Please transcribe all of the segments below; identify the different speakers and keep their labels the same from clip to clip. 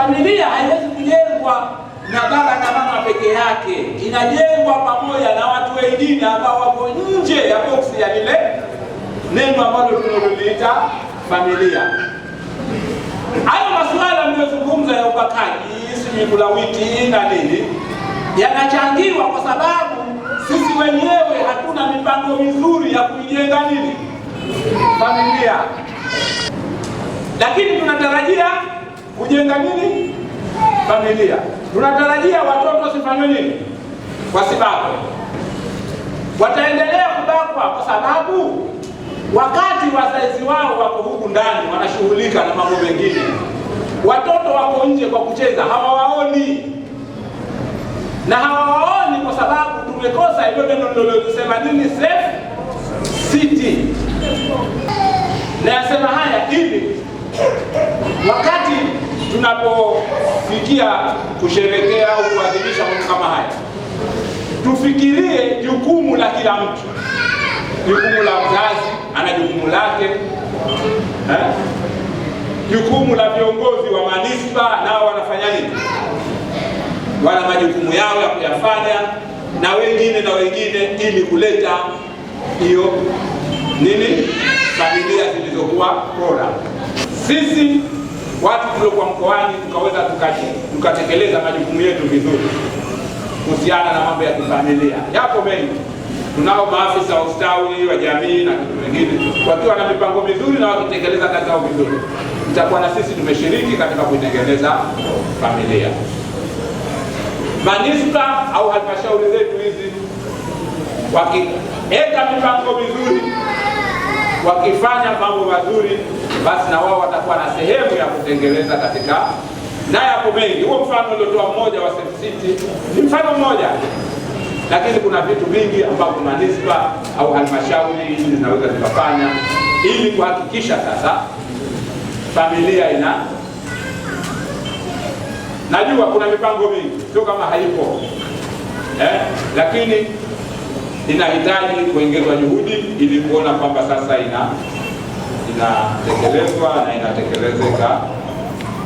Speaker 1: Familia haiwezi kujengwa na baba na mama peke yake, inajengwa pamoja na watu wengine ambao wako nje ya boksi ya lile neno ambalo tunaloliita familia. Hayo masuala mliyozungumza ya ubakaji, sijui kulawiti na nini, yanachangiwa kwa sababu sisi wenyewe hatuna mipango mizuri ya kuijenga nini familia, lakini tunatarajia kujenga nini familia. Tunatarajia watoto wasifanywe nini, wasibakwe. Wataendelea kubakwa kwa sababu wakati wazazi wao wako huku ndani wanashughulika na mambo mengine, watoto wako nje kwa kucheza, hawawaoni na hawawaoni kwa sababu tumekosa hilo neno linalosema nini, safe city tunapofikia kusherekea au kuadhimisha mambo kama haya, tufikirie jukumu la kila mtu. Jukumu la mzazi ana jukumu lake eh? Jukumu la viongozi wa manispa nao wanafanya nini? Wana majukumu yao ya kuyafanya na wengine na wengine, ili kuleta hiyo nini, familia zilizokuwa bora. Sisi kule kwa mkoani, tukaweza tukatekeleza majukumu yetu vizuri kuhusiana na mambo ya kifamilia. Yapo mengi, tunao maafisa wa ustawi wa jamii na kitu vingine wakiwa na mipango mizuri na wakitekeleza kazi zao vizuri, itakuwa na sisi tumeshiriki katika kuitengeneza familia. Manispa au halmashauri zetu hizi wakiweka mipango mizuri, wakifanya mambo mazuri basi na wao watakuwa na sehemu ya kutengeneza katika, na yapo mengi. Huo mfano uliotoa mmoja wa Safe City ni mfano mmoja, lakini kuna vitu vingi ambavyo manispa au halmashauri zinaweza zikafanya ili kuhakikisha sasa familia ina najua kuna mipango mingi, sio kama haipo eh, lakini inahitaji kuongezwa juhudi ili kuona kwamba sasa ina inatekelezwa na inatekelezeka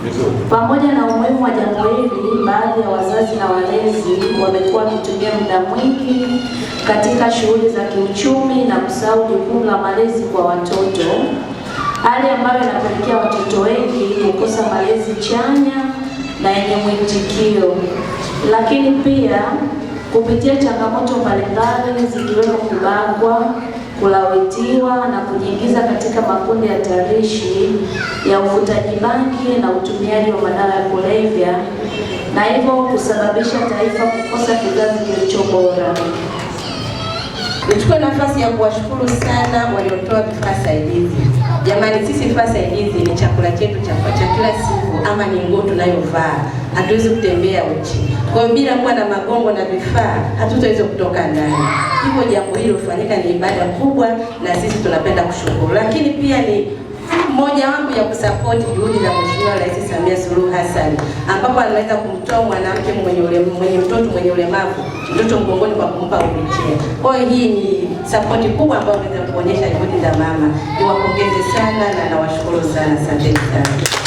Speaker 1: vizuri.
Speaker 2: Pamoja na umuhimu wa jambo hili, baadhi ya wazazi na walezi wamekuwa wakitumia muda mwingi katika shughuli za kiuchumi na kusahau jukumu la malezi kwa watoto, hali ambayo inapelekea watoto wengi kukosa malezi chanya na yenye mwitikio, lakini pia kupitia changamoto mbalimbali zikiwemo kubangwa kulawitiwa na kujiingiza katika makundi hatarishi ya uvutaji bangi na utumiaji wa madawa ya kulevya na hivyo kusababisha taifa kukosa kizazi kilicho bora.
Speaker 3: Nichukue nafasi ya kuwashukuru sana waliotoa vifaa saidizi. Jamani, sisi vifaa saidizi ni chakula chetu cha kila siku ama ni nguo tunayovaa. Hatuwezi kutembea uchi. Kwa hiyo bila kuwa na magongo na vifaa hatutaweza kutoka ndani. Hivyo jambo hilo fanyika ni ibada kubwa, na sisi tunapenda kushukuru, lakini pia ni moja wangu ya kusapoti juhudi za Mheshimiwa Rais Samia Suluhu Hassan ambapo anaweza kumtoa mwanamke mwenye ule mwenye mtoto mwenye ulemavu mtoto mgongoni kwa kumpa wheelchair. Kwa hiyo hii ni sapoti kubwa ambayo unaweza kuonyesha juhudi za mama. Niwapongeze sana na nawashukuru sana, asanteni sana.